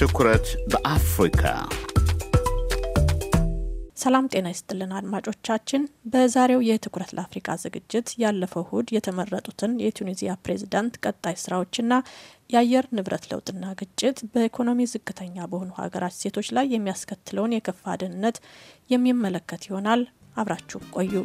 ትኩረት በአፍሪካ ሰላም ጤና ይስጥልን አድማጮቻችን። በዛሬው የትኩረት ለአፍሪካ ዝግጅት ያለፈው እሁድ የተመረጡትን የቱኒዚያ ፕሬዝዳንት ቀጣይ ስራዎችና የአየር ንብረት ለውጥና ግጭት በኢኮኖሚ ዝቅተኛ በሆኑ ሀገራት ሴቶች ላይ የሚያስከትለውን የከፋ ድህነት የሚመለከት ይሆናል። አብራችሁ ቆዩ።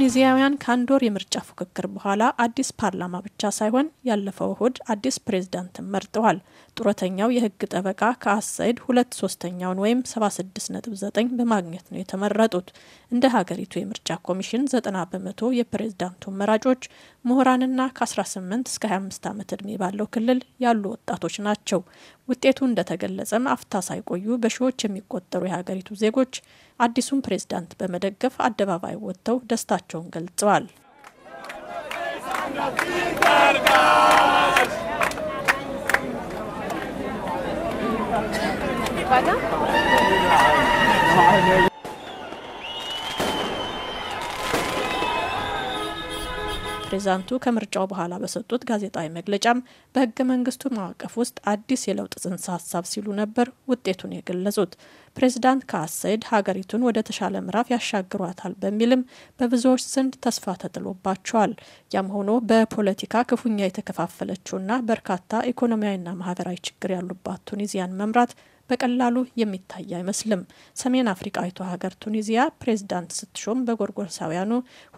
ቱኒዚያውያን ከአንድ ወር የምርጫ ፉክክር በኋላ አዲስ ፓርላማ ብቻ ሳይሆን ያለፈው እሁድ አዲስ ፕሬዝዳንትን መርጠዋል። ጡረተኛው የህግ ጠበቃ ከአሳይድ ሁለት ሶስተኛውን ወይም 76.9 በማግኘት ነው የተመረጡት። እንደ ሀገሪቱ የምርጫ ኮሚሽን 90 በመቶ የፕሬዝዳንቱ መራጮች ምሁራንና ከ18 እስከ 25 ዓመት ዕድሜ ባለው ክልል ያሉ ወጣቶች ናቸው። ውጤቱ እንደተገለጸም አፍታ ሳይቆዩ በሺዎች የሚቆጠሩ የሀገሪቱ ዜጎች አዲሱን ፕሬዝዳንት በመደገፍ አደባባይ ወጥተው ደስታቸውን ገልጸዋል። ፕሬዚዳንቱ ከምርጫው በኋላ በሰጡት ጋዜጣዊ መግለጫም በህገ መንግስቱ ማዕቀፍ ውስጥ አዲስ የለውጥ ጽንሰ ሀሳብ ሲሉ ነበር ውጤቱን የገለጹት። ፕሬዝዳንት ካስ ሀገሪቱን ወደ ተሻለ ምዕራፍ ያሻግሯታል በሚልም በብዙዎች ዘንድ ተስፋ ተጥሎባቸዋል። ያም ሆኖ በፖለቲካ ክፉኛ የተከፋፈለችውና በርካታ ኢኮኖሚያዊና ማህበራዊ ችግር ያሉባት ቱኒዚያን መምራት በቀላሉ የሚታይ አይመስልም። ሰሜን አፍሪቃዊቷ ሀገር ቱኒዚያ ፕሬዝዳንት ስትሾም በጎርጎርሳውያኑ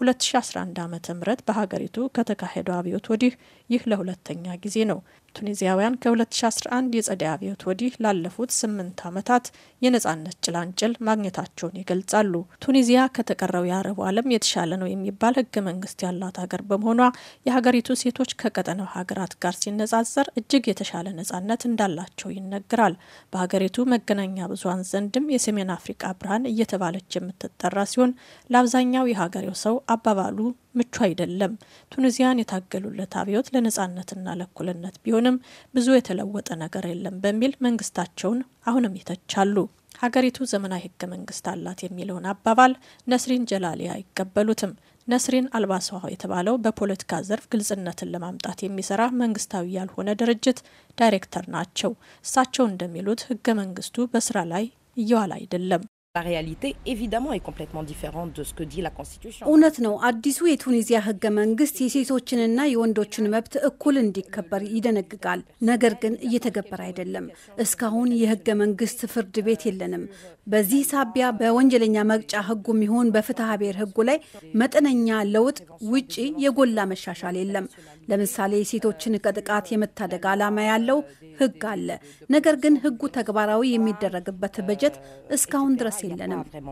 2011 ዓ ም በሀገሪቱ ከተካሄደው አብዮት ወዲህ ይህ ለሁለተኛ ጊዜ ነው። ቱኒዚያውያን ከ2011 የጸደይ አብዮት ወዲህ ላለፉት ስምንት ዓመታት የነጻነት ጭላንጭል ማግኘታቸውን ይገልጻሉ። ቱኒዚያ ከተቀረው የአረቡ ዓለም የተሻለ ነው የሚባል ህገ መንግስት ያላት ሀገር በመሆኗ የሀገሪቱ ሴቶች ከቀጠናው ሀገራት ጋር ሲነጻጸር እጅግ የተሻለ ነጻነት እንዳላቸው ይነገራል። በሀገሪቱ መገናኛ ብዙኃን ዘንድም የሰሜን አፍሪቃ ብርሃን እየተባለች የምትጠራ ሲሆን ለአብዛኛው የሀገሬው ሰው አባባሉ ምቹ አይደለም። ቱኒዚያን የታገሉለት አብዮት ለነጻነትና ለእኩልነት ቢሆንም ብዙ የተለወጠ ነገር የለም በሚል መንግስታቸውን አሁንም ይተቻሉ። ሀገሪቱ ዘመናዊ ህገ መንግስት አላት የሚለውን አባባል ነስሪን ጀላሊ አይቀበሉትም። ነስሪን አልባሰዋ የተባለው በፖለቲካ ዘርፍ ግልጽነትን ለማምጣት የሚሰራ መንግስታዊ ያልሆነ ድርጅት ዳይሬክተር ናቸው። እሳቸው እንደሚሉት ህገ መንግስቱ በስራ ላይ እየዋለ አይደለም። La réalité, évidemment, est complètement différente de ce que dit la Constitution. እውነት ነው። አዲሱ የቱኒዚያ ህገ መንግስት የሴቶችንና የወንዶችን መብት እኩል እንዲከበር ይደነግጋል። ነገር ግን እየተገበረ አይደለም። እስካሁን የህገ መንግስት ፍርድ ቤት የለንም። በዚህ ሳቢያ በወንጀለኛ መቅጫ ህጉ ሚሆን በፍትሐ ብሔር ህጉ ላይ መጠነኛ ለውጥ ውጪ የጎላ መሻሻል የለም። ለምሳሌ ሴቶችን ከጥቃት የመታደግ ዓላማ ያለው ህግ አለ። ነገር ግን ህጉ ተግባራዊ የሚደረግበት በጀት እስካሁን ድረስ የለንም።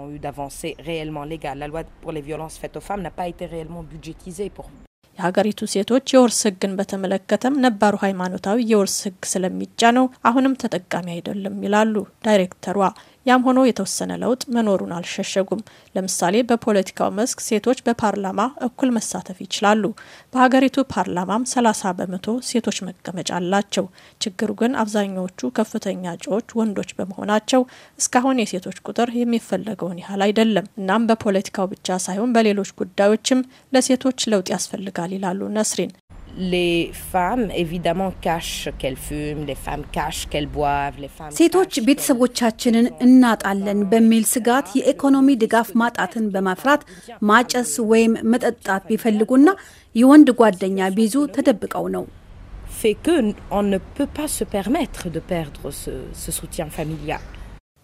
የሀገሪቱ ሴቶች የውርስ ህግን በተመለከተም ነባሩ ሃይማኖታዊ የውርስ ስለሚጫ ስለሚጫነው አሁንም ተጠቃሚ አይደለም ይላሉ ዳይሬክተሯ። ያም ሆኖ የተወሰነ ለውጥ መኖሩን አልሸሸጉም። ለምሳሌ በፖለቲካው መስክ ሴቶች በፓርላማ እኩል መሳተፍ ይችላሉ። በሀገሪቱ ፓርላማም 30 በመቶ ሴቶች መቀመጫ አላቸው። ችግሩ ግን አብዛኛዎቹ ከፍተኛ እጩዎች ወንዶች በመሆናቸው እስካሁን የሴቶች ቁጥር የሚፈለገውን ያህል አይደለም። እናም በፖለቲካው ብቻ ሳይሆን በሌሎች ጉዳዮችም ለሴቶች ለውጥ ያስፈልጋል ይላሉ ነስሪን። ሴቶች ቤተሰቦቻችንን እናጣለን በሚል ስጋት የኢኮኖሚ ድጋፍ ማጣትን በማፍራት ማጨስ ወይም መጠጣት ቢፈልጉና የወንድ ጓደኛ ቢይዙ ተደብቀው ነው። fait qu'on ne peut pas se permettre de perdre ce, ce soutien familial.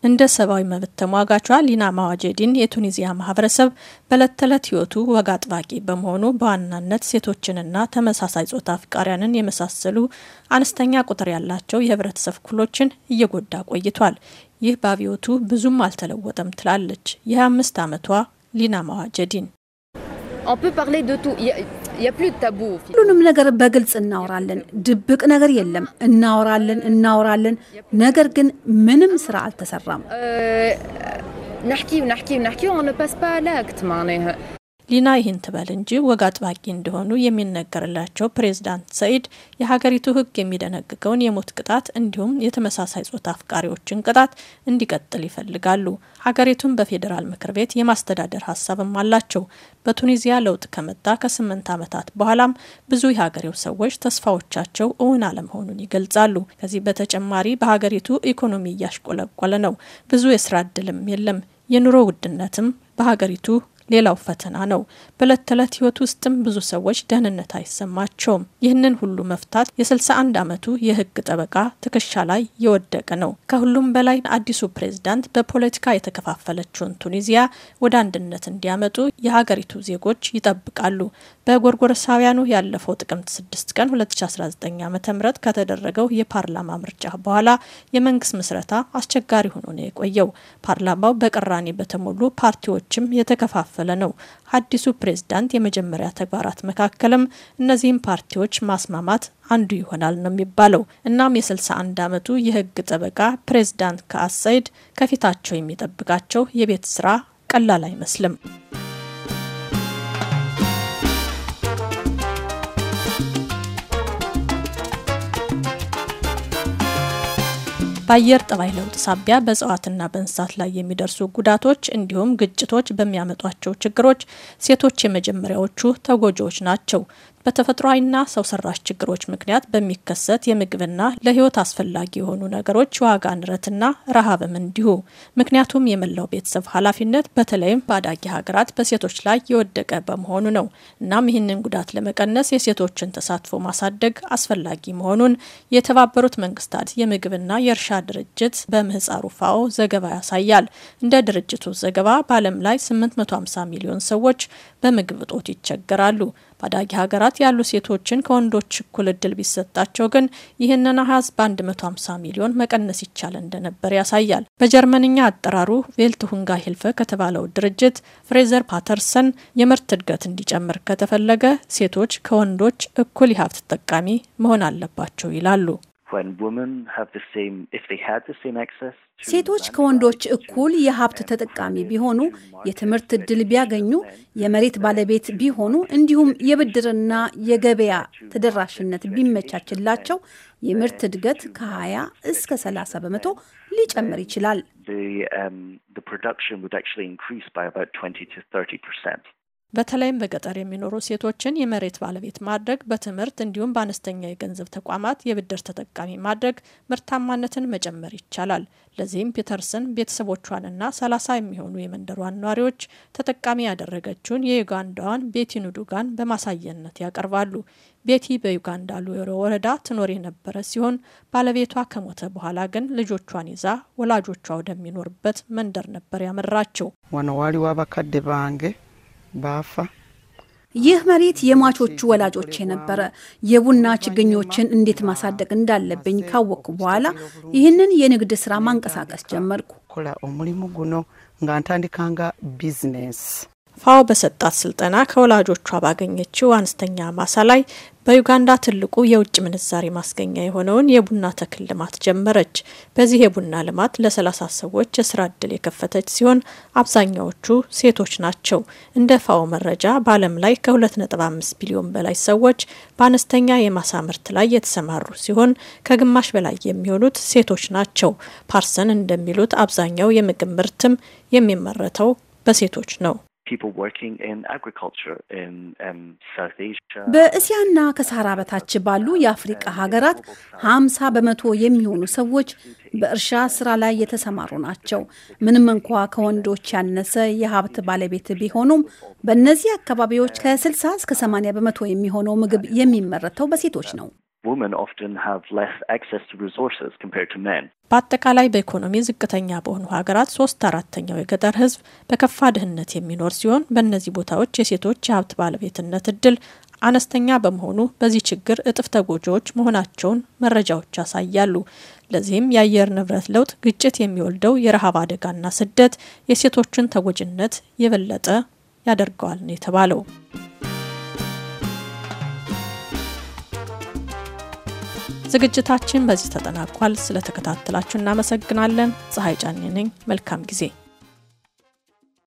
እንደ ሰብአዊ መብት ተሟጋቿ ሊና ማዋጀዲን የቱኒዚያ ማህበረሰብ በዕለት ተዕለት ህይወቱ ወግ አጥባቂ በመሆኑ በዋናነት ሴቶችንና ተመሳሳይ ጾታ አፍቃሪያንን የመሳሰሉ አነስተኛ ቁጥር ያላቸው የህብረተሰብ ክፍሎችን እየጎዳ ቆይቷል። ይህ በአብዮቱ ብዙም አልተለወጠም ትላለች የ25 ዓመቷ ሊና ማዋጀዲን ሁሉንም ነገር በግልጽ እናወራለን። ድብቅ ነገር የለም። እናወራለን እናወራለን። ነገር ግን ምንም ስራ አልተሰራም። ሊና ይህን ትበል እንጂ ወግ አጥባቂ እንደሆኑ የሚነገርላቸው ፕሬዝዳንት ሰኢድ የሀገሪቱ ሕግ የሚደነግገውን የሞት ቅጣት እንዲሁም የተመሳሳይ ጾታ አፍቃሪዎችን ቅጣት እንዲቀጥል ይፈልጋሉ። ሀገሪቱን በፌዴራል ምክር ቤት የማስተዳደር ሀሳብም አላቸው። በቱኒዚያ ለውጥ ከመጣ ከስምንት ዓመታት በኋላም ብዙ የሀገሬው ሰዎች ተስፋዎቻቸው እውን አለመሆኑን ይገልጻሉ። ከዚህ በተጨማሪ በሀገሪቱ ኢኮኖሚ እያሽቆለቆለ ነው። ብዙ የስራ እድልም የለም። የኑሮ ውድነትም በሀገሪቱ ሌላው ፈተና ነው። በዕለት ተዕለት ህይወት ውስጥም ብዙ ሰዎች ደህንነት አይሰማቸውም። ይህንን ሁሉ መፍታት የ61 ዓመቱ የህግ ጠበቃ ትከሻ ላይ የወደቀ ነው። ከሁሉም በላይ አዲሱ ፕሬዝዳንት በፖለቲካ የተከፋፈለችውን ቱኒዚያ ወደ አንድነት እንዲያመጡ የሀገሪቱ ዜጎች ይጠብቃሉ። በጎርጎረሳውያኑ ያለፈው ጥቅምት 6 ቀን 2019 ዓ ም ከተደረገው የፓርላማ ምርጫ በኋላ የመንግስት ምስረታ አስቸጋሪ ሆኖ ነው የቆየው። ፓርላማው በቅራኔ በተሞሉ ፓርቲዎችም የተከፋፈ እየተከፋፈለ ነው። አዲሱ ፕሬዝዳንት የመጀመሪያ ተግባራት መካከልም እነዚህም ፓርቲዎች ማስማማት አንዱ ይሆናል ነው የሚባለው። እናም የ61 ዓመቱ የህግ ጠበቃ ፕሬዝዳንት ከአሳይድ ከፊታቸው የሚጠብቃቸው የቤት ስራ ቀላል አይመስልም። በአየር ጠባይ ለውጥ ሳቢያ በእጽዋትና በእንስሳት ላይ የሚደርሱ ጉዳቶች እንዲሁም ግጭቶች በሚያመጧቸው ችግሮች ሴቶች የመጀመሪያዎቹ ተጎጂዎች ናቸው። በተፈጥሯዊና ሰው ሰራሽ ችግሮች ምክንያት በሚከሰት የምግብና ለህይወት አስፈላጊ የሆኑ ነገሮች የዋጋ ንረትና ረሃብም እንዲሁ። ምክንያቱም የመላው ቤተሰብ ኃላፊነት በተለይም በአዳጊ ሀገራት በሴቶች ላይ የወደቀ በመሆኑ ነው። እናም ይህንን ጉዳት ለመቀነስ የሴቶችን ተሳትፎ ማሳደግ አስፈላጊ መሆኑን የተባበሩት መንግስታት የምግብና የእርሻ ድርጅት በምህፃሩ ፋኦ ዘገባ ያሳያል። እንደ ድርጅቱ ዘገባ በዓለም ላይ 850 ሚሊዮን ሰዎች በምግብ እጦት ይቸገራሉ። በአዳጊ ሀገራት ያሉ ሴቶችን ከወንዶች እኩል እድል ቢሰጣቸው ግን ይህንን አሀዝ በ150 ሚሊዮን መቀነስ ይቻል እንደነበር ያሳያል። በጀርመንኛ አጠራሩ ቬልት ሁንጋ ሂልፈ ከተባለው ድርጅት ፍሬዘር ፓተርሰን የምርት እድገት እንዲጨምር ከተፈለገ ሴቶች ከወንዶች እኩል የሀብት ተጠቃሚ መሆን አለባቸው ይላሉ። ሴቶች ከወንዶች እኩል የሀብት ተጠቃሚ ቢሆኑ፣ የትምህርት እድል ቢያገኙ፣ የመሬት ባለቤት ቢሆኑ፣ እንዲሁም የብድርና የገበያ ተደራሽነት ቢመቻችላቸው የምርት እድገት ከ20 እስከ 30 በመቶ ሊጨምር ይችላል። um, በተለይም በገጠር የሚኖሩ ሴቶችን የመሬት ባለቤት ማድረግ፣ በትምህርት እንዲሁም በአነስተኛ የገንዘብ ተቋማት የብድር ተጠቃሚ ማድረግ ምርታማነትን መጨመር ይቻላል። ለዚህም ፒተርሰን ቤተሰቦቿንና ሰላሳ የሚሆኑ የመንደሯን ነዋሪዎች ተጠቃሚ ያደረገችውን የዩጋንዳዋን ቤቲ ኑዱጋን በማሳየነት ያቀርባሉ። ቤቲ በዩጋንዳ ሉዌሮ ወረዳ ትኖር የነበረ ሲሆን ባለቤቷ ከሞተ በኋላ ግን ልጆቿን ይዛ ወላጆቿ ወደሚኖርበት መንደር ነበር ያመራቸው። ዋናዋሪ ዋባካዴ ባንጌ ባፋ ይህ መሬት የሟቾቹ ወላጆች የነበረ የቡና ችግኞችን እንዴት ማሳደግ እንዳለብኝ ካወቅኩ በኋላ ይህንን የንግድ ስራ ማንቀሳቀስ ጀመርኩ። ፋኦ በሰጣት ስልጠና ከወላጆቿ ባገኘችው አነስተኛ ማሳ ላይ በዩጋንዳ ትልቁ የውጭ ምንዛሬ ማስገኛ የሆነውን የቡና ተክል ልማት ጀመረች። በዚህ የቡና ልማት ለ30 ሰዎች የስራ ዕድል የከፈተች ሲሆን አብዛኛዎቹ ሴቶች ናቸው። እንደ ፋኦ መረጃ በዓለም ላይ ከ2.5 ቢሊዮን በላይ ሰዎች በአነስተኛ የማሳ ምርት ላይ የተሰማሩ ሲሆን ከግማሽ በላይ የሚሆኑት ሴቶች ናቸው። ፓርሰን እንደሚሉት አብዛኛው የምግብ ምርትም የሚመረተው በሴቶች ነው። Um, በእስያና ከሳራ በታች ባሉ የአፍሪቃ ሀገራት ሀምሳ በመቶ የሚሆኑ ሰዎች በእርሻ ስራ ላይ የተሰማሩ ናቸው። ምንም እንኳ ከወንዶች ያነሰ የሀብት ባለቤት ቢሆኑም በእነዚህ አካባቢዎች ከ60 እስከ 80 በመቶ የሚሆነው ምግብ የሚመረተው በሴቶች ነው። በአጠቃላይ በኢኮኖሚ ዝቅተኛ በሆኑ ሀገራት ሶስት አራተኛው የገጠር ህዝብ በከፋ ድህነት የሚኖር ሲሆን በእነዚህ ቦታዎች የሴቶች የሀብት ባለቤትነት እድል አነስተኛ በመሆኑ በዚህ ችግር እጥፍ ተጎጂዎች መሆናቸውን መረጃዎች ያሳያሉ። ለዚህም የአየር ንብረት ለውጥ፣ ግጭት የሚወልደው የረሃብ አደጋና ስደት የሴቶችን ተጎጂነት የበለጠ ያደርገዋል ነው የተባለው። ዝግጅታችን በዚህ ተጠናቋል። ስለተከታተላችሁ እናመሰግናለን። ፀሐይ ጫኔ ነኝ። መልካም ጊዜ